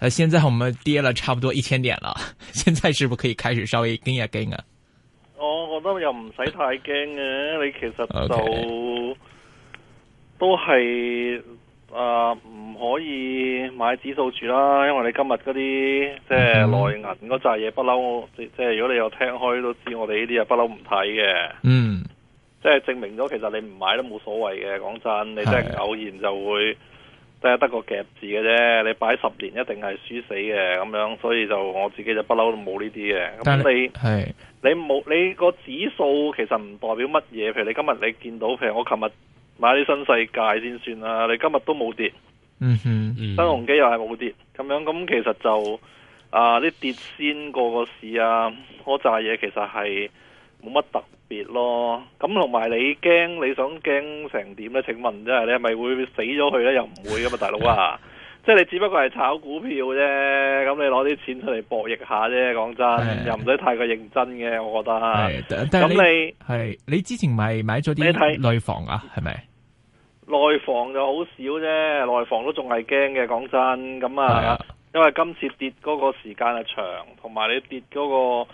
啊！現在我們跌了差不多一千點了，現在是不是可以開始稍微驚一驚啊？我覺得又唔使太驚嘅， 你其實就、okay. 都係啊，唔、呃、可以買指數住啦。因為你今日嗰啲即係內銀嗰扎嘢不嬲，即、就、係、是嗯、如果你有聽開都知，我哋呢啲啊不嬲唔睇嘅。嗯，即、就、係、是、證明咗其實你唔買都冇所謂嘅。講真，你真係偶然就會。 即得個夾字嘅啫，你擺十年一定係輸死嘅咁樣，所以就我自己就不嬲都冇呢啲嘅。咁你係你冇你，你個指數其實唔代表乜嘢，譬如你今日你見到，譬如我琴日買啲新世界先算啦，你今日都冇跌，嗯哼，嗯，新鴻基又係冇跌，咁樣，咁其實就啊啲跌先過個市啊嗰扎嘢其實係。冇乜特別咯，咁同埋你驚，你想驚成點呢？請問即係，你係咪會死咗佢呢？又唔會噶嘛，大佬啊！ 即係你只不過係炒股票啫，咁你攞啲錢出嚟博弈下啫，講真，又唔使太過認真嘅，我覺得。咁你係你，你之前咪買咗啲內房啊？係咪？內房就好少啫，內房都仲係驚嘅，講真，咁啊，因為今次跌嗰個時間啊長，同埋你跌嗰個。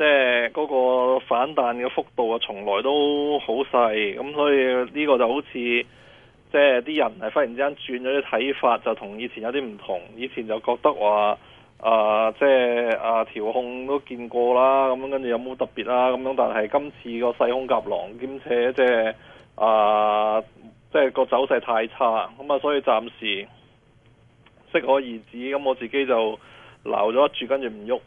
即係、嗰個反彈嘅幅度啊，從來都好細，咁所以呢個就好似即係啲人係忽然之間轉咗啲睇法，就同以前有啲唔同。以前就覺得話、呃、啊，即係啊調控都見過啦，咁跟住有冇特別啦，咁樣，但係今次個細空夾狼兼且即係啊，即係個走勢太差，咁啊所以暫時適可而止，咁我自己就留咗一注跟住唔喐。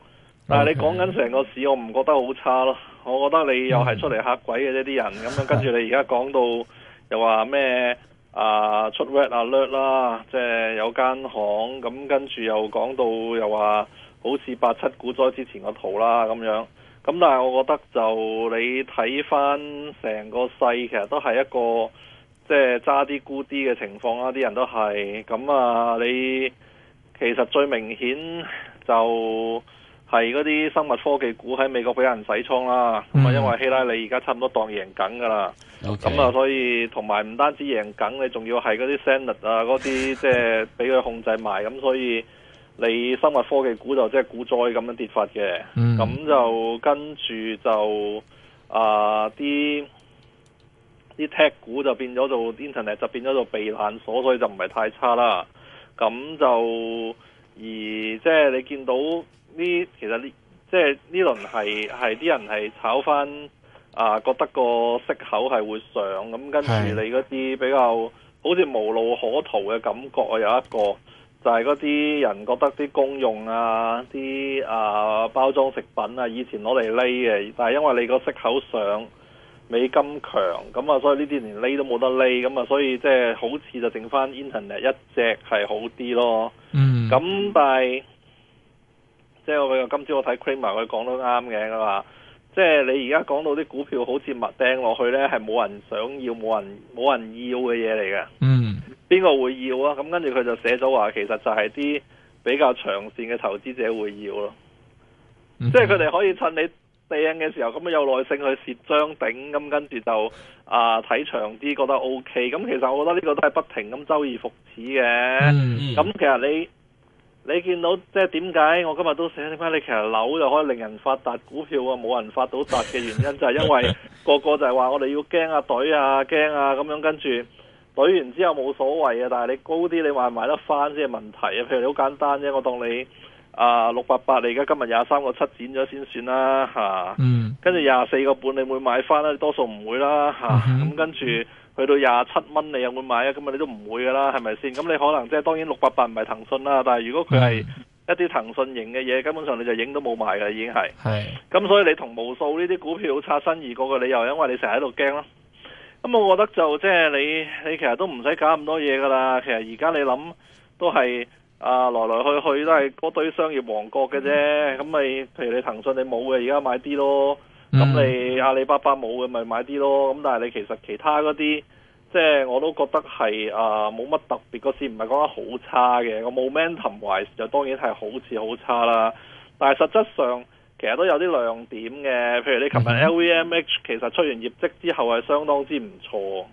但係你講緊成個市，我唔覺得好差咯。我覺得你又係出嚟吓鬼嘅啫，啲人咁樣，跟住你而家講到又話咩啊出 red alert 啦，即係有間行咁，跟住又講到又話好似八七股災之前個圖啦咁樣。咁但係我覺得就你睇翻成個勢，其實都係一個即係揸啲沽啲嘅情況啦。啲人都係咁啊，你其實最明顯就。係嗰啲生物科技股喺美國俾人洗倉啦，咁、mm、啊 -hmm. 因為希拉里而家差唔多當贏梗噶啦，咁、okay. 啊所以同埋唔單止贏梗，你仲要係嗰啲 Senate 啊嗰啲即係俾佢控制埋，咁 所以你生物科技股就即係股災咁樣跌法嘅，咁、mm -hmm. 就跟住就啊啲啲 tag 股就變咗做 internet 就變咗做避難所，所以就唔係太差啦。咁就而即係你見到。呢其實呢，即係呢輪係係啲人係炒翻啊，覺得個息口係會上咁，嗯，跟住你嗰啲比較好似無路可逃嘅感覺啊，有一個就係嗰啲人覺得啲公用啊、啲啊包裝食品啊，以前攞嚟匿嘅，但係因為你個息口上美金強咁啊，所以呢啲連匿都冇得匿 a 咁啊，所以即係、就是、好似就剩翻 internet 一隻係好啲咯。嗯，咁但係。即係我今朝我睇 Cramer，佢講得啱嘅，佢話即係你而家講到啲股票好似掟落去呢係冇人想要、冇人冇人要嘅嘢嚟嘅。嗯，邊個會要啊？咁跟住佢就寫咗話，其實就係啲比較長線嘅投資者會要咯、嗯。即係佢哋可以趁你掟嘅時候，咁有耐性去蝕張頂，咁跟住就啊睇、呃、長啲，覺得 O、OK、K。咁其實我覺得呢個都係不停咁周而復始嘅。咁、嗯、其實你。你見到即係點解我今日都醒醒翻，你其實樓就可以令人發達，股票啊冇人發到達嘅原因就係因為 個個就係話我哋要驚啊，懟啊，驚啊咁樣，跟住懟完之後冇所謂啊，但係你高啲你買唔買得翻即係問題啊。譬如你好簡單啫，我當你、呃、688，你啊六八八，mm. 你而家今日廿三個七剪咗先算啦嗯，跟住廿四個半你會買翻你多數唔會啦，咁、啊嗯 mm -hmm. 跟住。去到廿七蚊，你有冇買啊？咁啊，你都唔會噶啦，係咪先？咁你可能即係當然六八八唔係騰訊啦，但係如果佢係一啲騰訊型嘅嘢，根本上你就影都冇買㗎。已經係。係。咁所以你同無數呢啲股票擦身而過嘅理由，因為你成日喺度驚咯。咁我覺得就即係、就是、你，你其實都唔使搞咁多嘢噶啦。其實而家你諗都係啊，來來去去都係嗰堆商業王國嘅啫。咁、嗯、你，譬如你騰訊你，你冇嘅而家買啲咯。咁、嗯、你阿里巴巴冇嘅，咪買啲咯。咁但係你其實其他嗰啲，即係我都覺得係啊，冇、呃、乜特別。個市唔係講得好差嘅。個 momentum wise 就當然係好似好差啦。但係實質上其實都有啲亮點嘅。譬如你琴日 LVMH 其實出完業績之後係相當之唔錯。咁、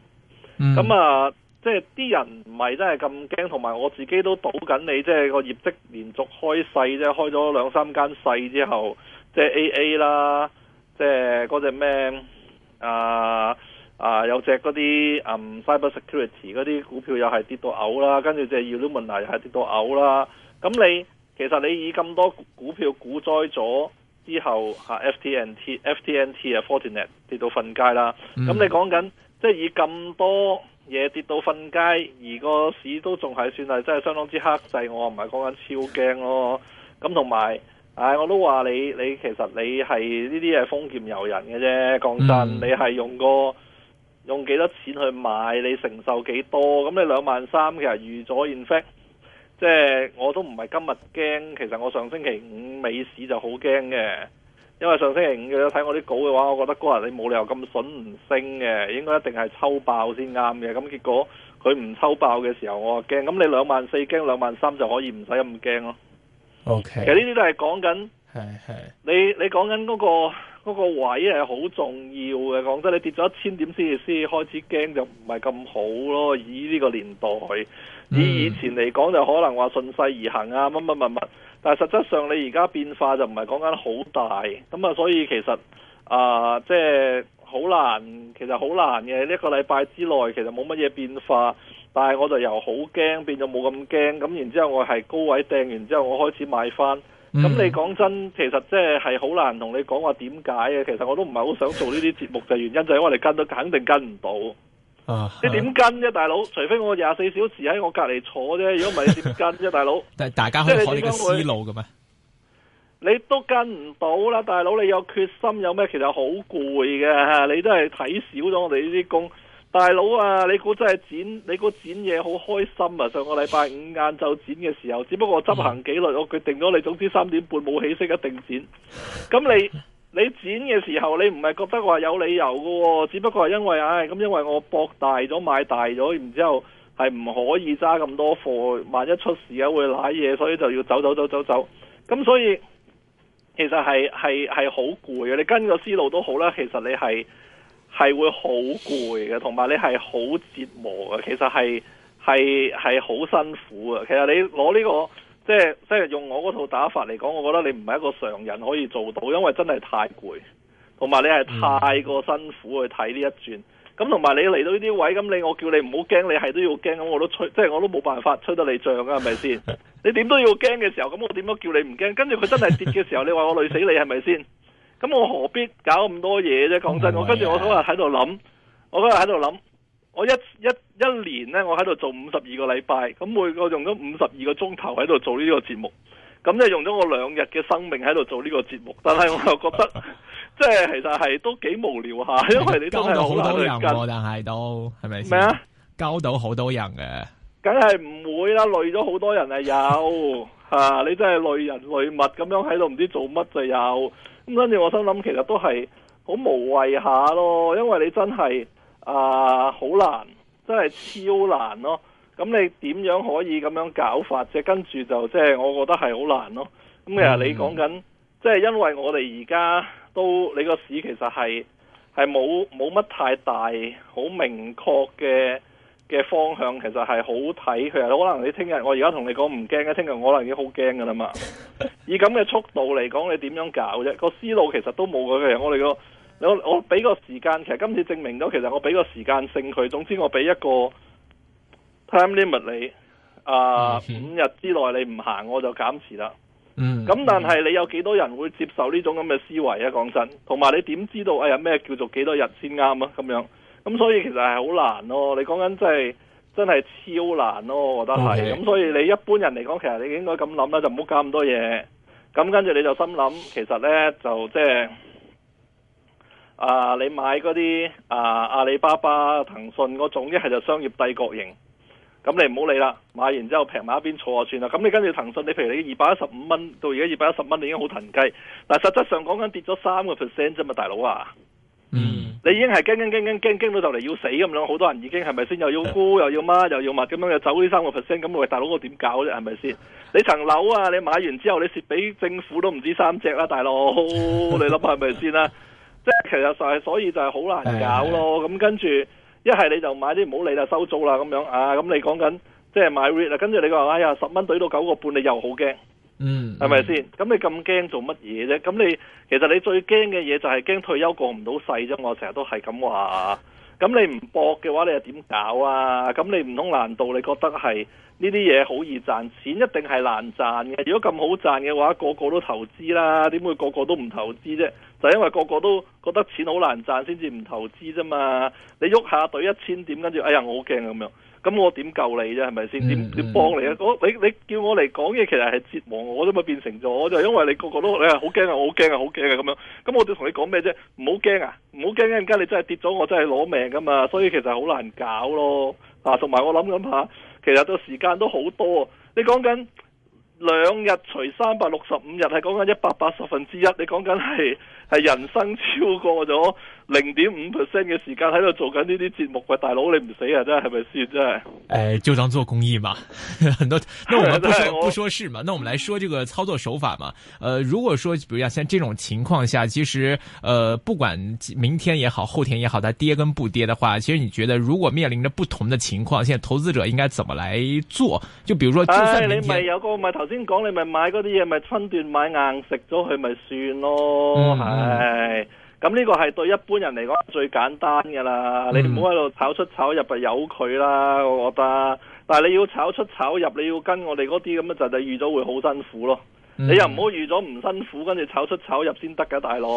嗯、啊，即係啲人唔係真係咁驚，同埋我自己都賭緊你，即係個業績連續開細，即係開咗兩三間細之後，即係 AA 啦。即係嗰隻咩啊，啊有隻嗰啲嗯 cybersecurity 嗰啲股票又係跌到嘔啦，跟住隻 Illumina 又係跌到嘔啦。咁你其實你以咁多股票股災咗之後，嚇、啊、ftnt ftnt 啊 fortinet 跌到瞓街啦。咁你講緊、嗯、即係以咁多嘢跌到瞓街，而個市都仲係算係真係相當之黑滯。我唔係講緊超驚咯。咁同埋。唉，我都話你，你其實你係呢啲係封建遊人嘅啫。講真你，你、嗯、係用個用幾多錢去買，你承受幾多？咁你兩萬三其實預咗 in fact，即係我都唔係今日驚。其實我上星期五美市就好驚嘅，因為上星期五嘅睇我啲稿嘅話，我覺得嗰日你冇理由咁筍唔升嘅，應該一定係抽爆先啱嘅。咁結果佢唔抽爆嘅時候我，我驚。咁你兩萬四驚，兩萬三就可以唔使咁驚咯。OK，其實呢啲都係講緊，係係你你講緊嗰個、嗰個位係好重要嘅。講真，你跌咗一千點先至先開始驚，就唔係咁好咯。以呢個年代，以以前嚟講就可能話順勢而行啊，乜乜乜乜。但係實質上你而家變化就唔係講緊好大，咁啊，所以其實啊、呃，即係。好難，其實好難嘅。呢一個禮拜之內，其實冇乜嘢變化。但係我就由好驚變咗冇咁驚。咁然之後，我係高位掟完之後，我開始買翻。咁、嗯、你講真，其實即係係好難同你講話點解嘅。其實我都唔係好想做呢啲節目嘅原因，就係因為我哋跟都肯定跟唔到。啊！你點跟啫，大佬？ 除非我廿四小時喺我隔籬坐啫。如果唔係，你點跟啫，大佬？ 但係大家可以睇你嘅思路嘅咩？你都跟唔到啦，大佬！你有決心有咩？其實好攰嘅，你都係睇少咗我哋呢啲工，大佬啊！你估真係剪，你估剪嘢好開心啊！上個禮拜五晏晝剪嘅時候，只不過執行紀律，我決定咗你，總之三點半冇起色一定剪。咁你你剪嘅時候，你唔係覺得話有理由喎？只不過係因為唉，咁、哎、因為我博大咗買大咗，然之後係唔可以揸咁多貨，萬一出事啊會瀨嘢，所以就要走走走走走。咁所以。其實係係係好攰嘅，你跟個思路都好啦。其實你係係會好攰嘅，同埋你係好折磨嘅。其實係係係好辛苦啊！其實你攞呢個即係即係用我嗰套打法嚟講，我覺得你唔係一個常人可以做到，因為真係太攰，同埋你係太過辛苦去睇呢一轉。咁同埋你嚟到呢啲位，咁你我叫你唔好驚，你係都要驚。咁我都吹，即係我都冇辦法吹得你漲啊，係咪先？ 你點都要驚嘅時候，咁我點樣叫你唔驚？跟住佢真係跌嘅時候，你話我累死你係咪先？咁我何必搞咁多嘢啫？講真，我跟住我嗰日喺度諗，我嗰日喺度諗，我一一一年呢，我喺度做五十二個禮拜，咁每個用咗五十二個鐘頭喺度做呢個節目，咁即係用咗我兩日嘅生命喺度做呢個節目。但係我又覺得，即 係其實係都幾無聊下，因為你都係好多人教，啊，但係都係咪先？咩？啊、交到好多人嘅。梗係唔會啦，累咗好多人有 啊，有吓你真係累人累物咁樣喺度唔知做乜就有咁。跟住我心諗，其實都係好無謂下咯，因為你真係啊好難，真係超難咯。咁你點樣可以咁樣搞法啫？跟住就即係、就是、我覺得係好難咯。咁其實你講緊即係因為我哋而家都你個市其實係係冇冇乜太大好明確嘅。嘅方向其實係好睇，佢可能你聽日我而家同你講唔驚嘅，聽日可能已經好驚嘅啦嘛。以咁嘅速度嚟講，你點樣搞啫？個思路其實都冇嘅嘅，我哋個我我俾個時間，其實今次證明咗，其實我俾個時間勝佢。總之我俾一個 time limit 你，啊、呃 mm -hmm. 五日之內你唔行我就減持啦。嗯。咁但係你有幾多人會接受呢種咁嘅思維啊？講真，同埋你點知道哎呀咩叫做幾多日先啱啊？咁樣。咁所以其實係好難咯、哦，你講緊真係真係超難咯、哦，我覺得係。咁、okay. 所以你一般人嚟講，其實你應該咁諗啦，就唔好搞咁多嘢。咁跟住你就心諗，其實呢就即、就、係、是、啊，你買嗰啲啊阿里巴巴、騰訊嗰種，一係就商業帝國型。咁你唔好理啦，買完之後平埋一邊坐就算啦。咁你跟住騰訊，你譬如你二百一十五蚊到而家二百一十蚊，你已經好騰雞。但實質上講緊跌咗三個 percent 啫嘛，大佬啊！你已經係驚驚驚驚驚驚到就嚟要死咁樣，好多人已經係咪先又要沽又要乜又要物咁樣又走呢三個 percent 咁，喂大佬我點搞啫？係咪先？你層樓啊，你買完之後你蝕俾政府都唔止三隻啦、啊，大佬，你諗係咪先啦？ 即係其實就係所以就係好難搞咯。咁 跟住一係你就買啲唔好理啦，收租啦咁樣啊。咁你講緊即係買 REIT 啊，跟住你話哎呀十蚊懟到九個半，你又好驚。嗯，係咪先？咁你咁驚做乜嘢啫？咁你其實你最驚嘅嘢，就係驚退休過唔到世啫。我成日都係咁話。咁你唔博嘅話，你又點搞啊？咁你唔通難度？難道你覺得係呢啲嘢好易賺錢？一定係難賺嘅。如果咁好賺嘅話，個個都投資啦。點會個個都唔投資啫？就因為個個都覺得錢好難賺，先至唔投資啫嘛。你喐下懟一千點，跟住哎呀，我好驚咁樣。咁我點救你啫？係咪先？點點幫你啊、嗯嗯？你你叫我嚟講嘢，其實係折磨我都咪變成咗。就係，因為你個個都你係好驚啊，我好驚啊，好驚啊咁樣。咁我哋同你講咩啫？唔好驚啊！唔好驚，而家你真係跌咗，我真係攞命噶嘛。所以其實好難搞咯。啊，同埋我諗諗下，其實個時間都好多。你講緊兩日除三百六十五日，係講緊一百八十分之一。你講緊係。係人生超過咗零點五 percent 嘅時間喺度做緊呢啲節目嘅，大佬，你唔死啊，真係係咪先？真係？誒、哎，就當做公益嘛，很多。那我們不說不說是嘛，那我們來說這個操作手法嘛。呃，如果說，比如像，像這種情況下，其實，呃不管明天也好，後天也好，它跌跟不跌的話，其實你覺得如果面臨着不同的情況，現在投資者應該怎麼來做？就比如說就算，唉、哎，你咪有個咪頭先講，你咪買嗰啲嘢咪分段買硬食咗佢咪算咯，嗯唉，咁呢個係對一般人嚟講最簡單噶啦、嗯，你唔好喺度炒出炒入啊，由佢啦，我覺得。但係你要炒出炒入，你要跟我哋嗰啲咁嘅就地預咗會好辛苦咯。嗯、你又唔好預咗唔辛苦，跟住炒出炒入先得噶，大佬。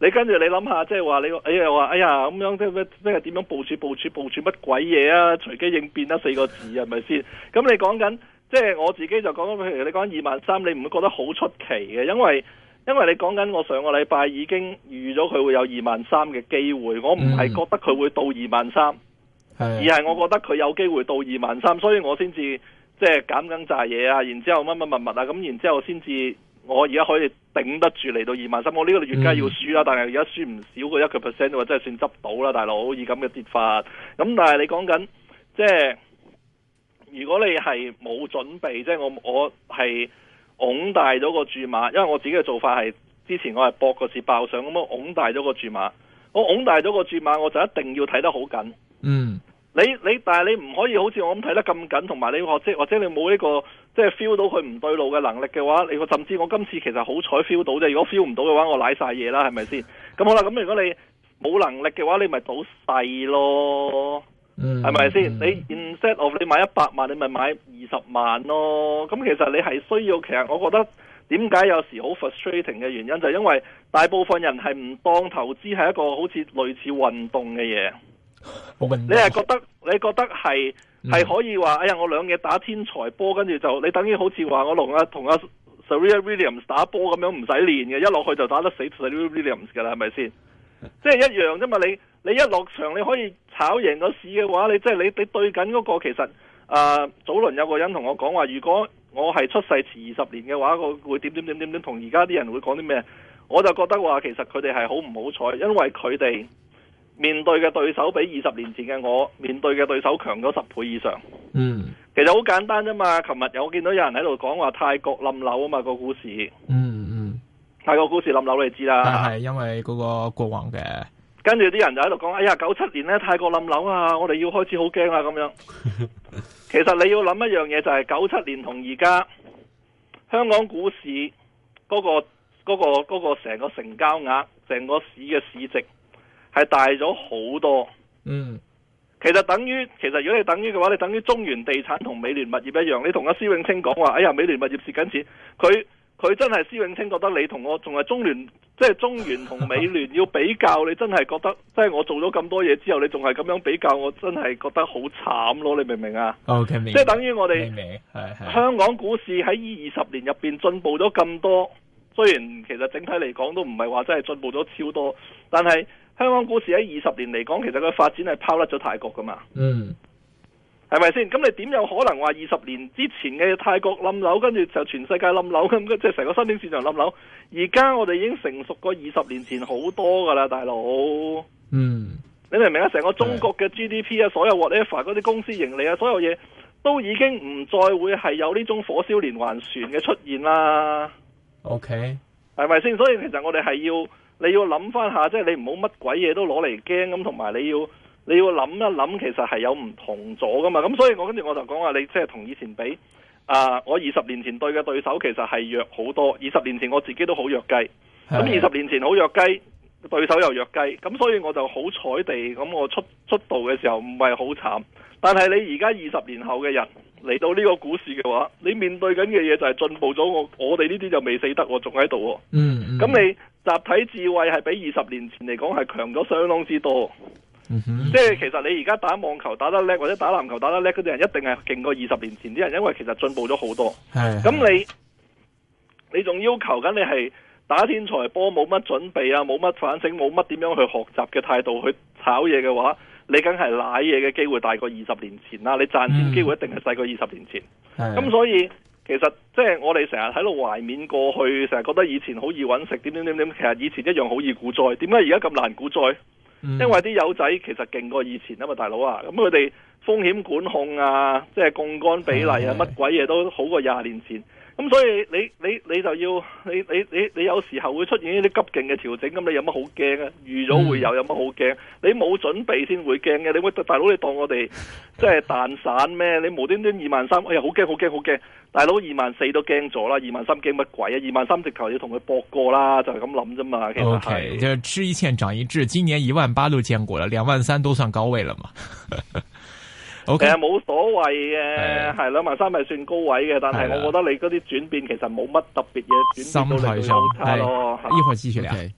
你跟住你諗下，即係話你，你又哎呀，話哎呀，咁樣即係點樣部署部署部署乜鬼嘢啊？隨機應變得四個字係咪先？咁你講緊，即係我自己就講緊，譬如你講二萬三，你唔會覺得好出奇嘅，因為。因為你講緊我上個禮拜已經預咗佢會有二萬三嘅機會，我唔係覺得佢會到二萬三，而係我覺得佢有機會到二萬三，所以我先至即係減緊炸嘢啊，然之後乜乜乜物啊，咁然之後先至我而家可以頂得住嚟到二萬三。我呢個月梗係要輸啦，但係而家輸唔少過一個 percent，我真係算執到啦，大佬以咁嘅跌法。咁但係你講緊即係如果你係冇準備，即係我我係。拱大咗個注碼，因為我自己嘅做法係，之前我係博個字爆上咁樣，拱大咗個注碼，我拱大咗個注碼，我就一定要睇得好緊。嗯，你你，但係你唔可以好似我咁睇得咁緊，同埋你即或者你冇呢個即係 feel 到佢唔對路嘅能力嘅話，你甚至我今次其實好彩 feel 到啫，如果 feel 唔到嘅話，我舐晒嘢啦，係咪先？咁好啦，咁如果你冇能力嘅話，你咪賭細咯。係咪先？你 instead of 你買一百萬，你咪買二十萬咯。咁其實你係需要，其實我覺得點解有時好 frustrating 嘅原因，就係因為大部分人係唔當投資係一個好似類似運動嘅嘢 你係覺得你覺得係係 可以話，哎呀，我兩嘢打天才波，跟住就你等於好似話我同阿同阿 Serena Williams 打波咁樣，唔使練嘅，一落去就打得死 Serena Williams 嘅啦，係咪先？即係、 就是、一樣啫嘛，你。你一落場你可以炒贏個市嘅話，你即係你你對緊、那、嗰個其實，誒、呃，早輪有個人同我講話，如果我係出世遲二十年嘅話，我會點點點點點，同而家啲人會講啲咩？我就覺得話，其實佢哋係好唔好彩，因為佢哋面對嘅對手比二十年前嘅我面對嘅對手強咗十倍以上。嗯，其實好簡單啫嘛。琴日有見到有人喺度講話泰國冧樓啊嘛，個故事。嗯嗯，泰國故事冧樓你知啦，係因為嗰個國王嘅。跟住啲人就喺度講，哎呀，九七年咧泰國冧樓啊，我哋要開始好驚啊咁樣。其實你要諗一樣嘢就係九七年同而家香港股市嗰個嗰個嗰個成個成交額，成個市嘅市值係大咗好多。嗯，其實等於其實如果你等於嘅話，你等於中原地產同美聯物業一樣，你同阿施永青講話，哎呀，美聯物業蝕緊錢，佢。佢真係施永青覺得你同我仲係中聯，即係中原同美聯要比較，你真係覺得即係我做咗咁多嘢之後，你仲係咁樣比較，我真係覺得好慘咯！你明唔明啊？OK，明即係等於我哋，香港股市喺二十年入邊進步咗咁多，雖然其實整體嚟講都唔係話真係進步咗超多，但係香港股市喺二十年嚟講，其實個發展係拋甩咗泰國噶嘛。嗯。係咪先？咁你點有可能話二十年之前嘅泰國冧樓，跟住就全世界冧樓咁，即係成個新興市場冧樓？而家我哋已經成熟過二十年前好多噶啦，大佬。嗯，你明唔明啊？成個中國嘅 GDP 啊，所有 whatever 嗰啲公司盈利啊，所有嘢都已經唔再會係有呢種火燒連環船嘅出現啦。OK，係咪先？所以其實我哋係要，你要諗翻下，即係你唔好乜鬼嘢都攞嚟驚咁，同埋你要。你要諗一諗，其實係有唔同咗㗎嘛？咁所以我跟住我就講話，你即係同以前比啊！我二十年前對嘅對手其實係弱好多，二十年前我自己都好弱雞。咁二十年前好弱雞，對手又弱雞。咁所以我就好彩地，咁我出我出道嘅時候唔係好慘。但係你而家二十年後嘅人嚟到呢個股市嘅話，你面對緊嘅嘢就係進步咗。我我哋呢啲就未死得，仲喺度。嗯。咁你集體智慧係比二十年前嚟講係強咗相當之多。嗯、即係其實你而家打網球打得叻，或者打籃球打得叻嗰啲人一定係勁過二十年前啲人，因為其實進步咗好多。咁你你仲，要求緊你係打天才波，冇乜準備啊，冇乜反省，冇乜點樣去學習嘅態度去炒嘢嘅話，你梗係舐嘢嘅機會大過二十年前啦、啊。你賺錢機會一定係細過二十年前。咁、嗯、所以其實即係我哋成日喺度懷緬過去，成日覺得以前好易揾食，點點點點，其實以前一樣好易股災。點解而家咁難股災？嗯、因為啲友仔其實勁過以前啊嘛，大佬啊，咁佢哋風險管控啊，即係槓桿比例啊，乜鬼嘢都好過廿年前。咁、嗯、所以你你你就要你你你你，你有時候會出現一啲急勁嘅調整，咁你有乜好驚啊？預咗會有，有乜好驚？你冇準備先會驚嘅。你，喂，大佬，你當我哋即係彈散咩？你無端端二萬三，哎呀好驚好驚好驚！大佬二萬四都驚咗啦，二萬三驚乜鬼啊？二萬三直頭要同佢搏過啦，就係咁諗啫嘛。O、okay, K，就吃一塹長一智，今年一萬八都見過啦，兩萬三都算高位啦嘛。 Okay, 其實冇所謂嘅，係兩萬三係算高位嘅，但係我覺得你嗰啲轉變其實冇乜特別嘢，轉變心態都好差咯。一會繼續。